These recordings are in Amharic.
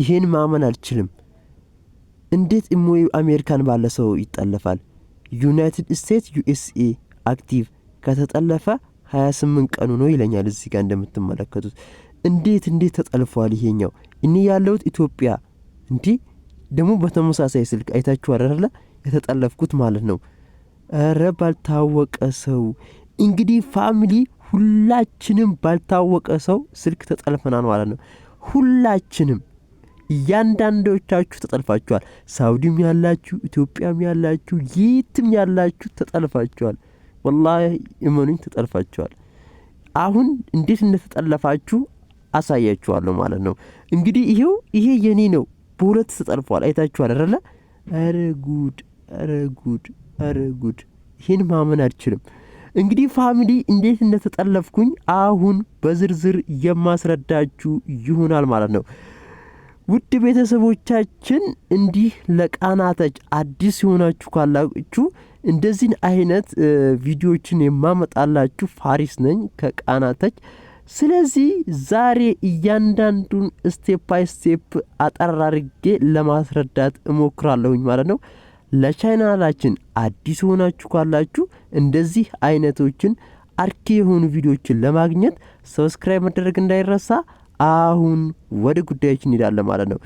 ይሄን ማመን አልችልም። እንዴት እሞ አሜሪካን ባለ ሰው ይጠለፋል? ዩናይትድ ስቴትስ ዩኤስኤ አክቲቭ ከተጠለፈ 28 ቀኑ ነው ይለኛል። እዚህ ጋር እንደምትመለከቱት እንዴት እንዴት ተጠልፏል ይሄኛው። እኔ ያለሁት ኢትዮጵያ እንዲ ደግሞ በተመሳሳይ ስልክ አይታችሁ አረለ የተጠለፍኩት ማለት ነው። እረ ባልታወቀ ሰው እንግዲህ ፋሚሊ ሁላችንም ባልታወቀ ሰው ስልክ ተጠልፈናል ማለት ነው ሁላችንም እያንዳንዶቻችሁ ተጠልፋችኋል። ሳውዲም ያላችሁ፣ ኢትዮጵያም ያላችሁ፣ ይትም ያላችሁ ተጠልፋችኋል። ወላሂ እመኑኝ ተጠልፋችኋል። አሁን እንዴት እንደተጠለፋችሁ አሳያችኋለሁ ማለት ነው። እንግዲህ ይሄው ይሄ የኔ ነው። በሁለት ተጠልፏል። አይታችኋል አይደለ? ኧረ ጉድ! ኧረ ጉድ! ኧረ ጉድ! ይህን ማመን አልችልም። እንግዲህ ፋሚሊ እንዴት እንደተጠለፍኩኝ አሁን በዝርዝር የማስረዳችሁ ይሆናል ማለት ነው። ውድ ቤተሰቦቻችን እንዲህ ለቃናተች አዲስ የሆናችሁ ካላችሁ እንደዚህን አይነት ቪዲዮዎችን የማመጣላችሁ ፋሪስ ነኝ ከቃናተች። ስለዚህ ዛሬ እያንዳንዱን ስቴፕ ባይ ስቴፕ አጠራርጌ ለማስረዳት እሞክራለሁኝ ማለት ነው። ለቻይናላችን አዲስ የሆናችሁ ካላችሁ እንደዚህ አይነቶችን አርኪ የሆኑ ቪዲዮዎችን ለማግኘት ሰብስክራይብ መደረግ እንዳይረሳ አሁን ወደ ጉዳዮች እንሄዳለን ማለት ነው።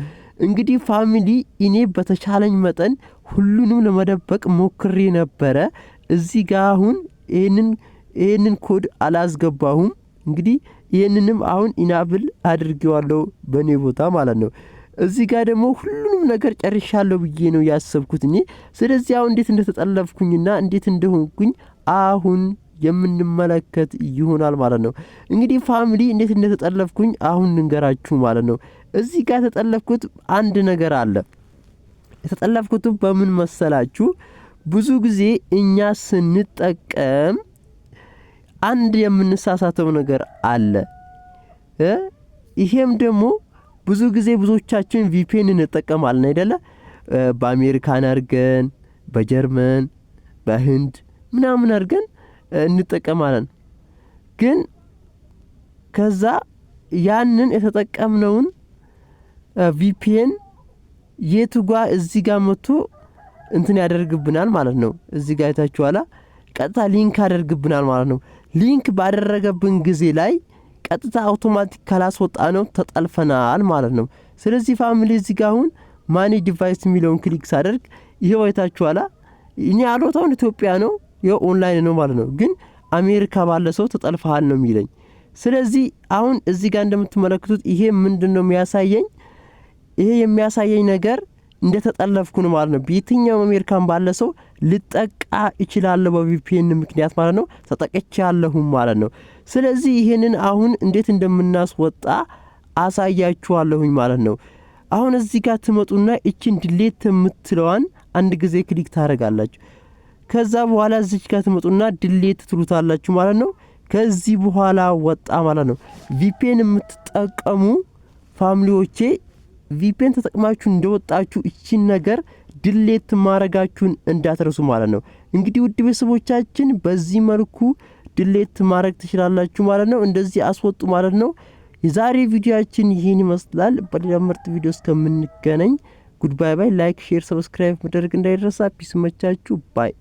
እንግዲህ ፋሚሊ እኔ በተቻለኝ መጠን ሁሉንም ለመደበቅ ሞክሬ ነበረ። እዚህ ጋር አሁን ይህንን ይህንን ኮድ አላስገባሁም። እንግዲህ ይህንንም አሁን ኢናብል አድርጌዋለሁ በእኔ ቦታ ማለት ነው። እዚህ ጋር ደግሞ ሁሉንም ነገር ጨርሻለሁ ብዬ ነው ያሰብኩት እኔ። ስለዚህ አሁን እንዴት እንደተጠለፍኩኝና እንዴት እንደሆንኩኝ አሁን የምንመለከት ይሆናል ማለት ነው። እንግዲህ ፋሚሊ እንዴት እንደተጠለፍኩኝ አሁን ንገራችሁ ማለት ነው። እዚህ ጋር የተጠለፍኩት አንድ ነገር አለ። የተጠለፍኩት በምን መሰላችሁ? ብዙ ጊዜ እኛ ስንጠቀም አንድ የምንሳሳተው ነገር አለ። ይሄም ደግሞ ብዙ ጊዜ ብዙዎቻችን ቪፒኤን እንጠቀማለን አይደለ? በአሜሪካን አድርገን፣ በጀርመን፣ በህንድ ምናምን አድርገን እንጠቀማለን። ግን ከዛ ያንን የተጠቀምነውን ቪፒኤን የቱ ጋ እዚህ ጋር መጥቶ እንትን ያደርግብናል ማለት ነው። እዚህ ጋር አይታችኋላ። ቀጥታ ሊንክ ያደርግብናል ማለት ነው። ሊንክ ባደረገብን ጊዜ ላይ ቀጥታ አውቶማቲክ ካላስወጣ ነው ተጠልፈናል ማለት ነው። ስለዚህ ፋሚሊ እዚህ ጋር አሁን ማኔጅ ዲቫይስ የሚለውን ክሊክ ሳደርግ ይኸው አይታችኋላ። እኔ አሎታውን ኢትዮጵያ ነው ኦንላይን ነው ማለት ነው። ግን አሜሪካ ባለ ሰው ተጠልፈሃል ነው የሚለኝ። ስለዚህ አሁን እዚህ ጋር እንደምትመለከቱት ይሄ ምንድን ነው የሚያሳየኝ? ይሄ የሚያሳየኝ ነገር እንደተጠለፍኩ ነው ማለት ነው። በየትኛውም አሜሪካን ባለ ሰው ልጠቃ እችላለሁ በቪፒኤን ምክንያት ማለት ነው። ተጠቅቼ ያለሁም ማለት ነው። ስለዚህ ይህንን አሁን እንዴት እንደምናስወጣ አሳያችኋለሁኝ ማለት ነው። አሁን እዚህ ጋር ትመጡና እችን ድሌት የምትለዋን አንድ ጊዜ ክሊክ ታደርጋላችሁ። ከዛ በኋላ እዚች ጋር ትመጡና ድሌት ትሉታላችሁ ማለት ነው። ከዚህ በኋላ ወጣ ማለት ነው። ቪፒን የምትጠቀሙ ፋሚሊዎቼ ቪፒን ተጠቅማችሁ እንደወጣችሁ እቺን ነገር ድሌት ማድረጋችሁን እንዳትረሱ ማለት ነው። እንግዲህ ውድ ቤተሰቦቻችን በዚህ መልኩ ድሌት ማድረግ ትችላላችሁ ማለት ነው። እንደዚህ አስወጡ ማለት ነው። የዛሬ ቪዲዮችን ይህን ይመስላል። በሌላ ምርጥ ቪዲዮ እስከምንገናኝ ጉድባይ ባይ። ላይክ፣ ሼር፣ ሰብስክራይብ መደረግ እንዳይደረሳ። ፒስ መቻችሁ ባይ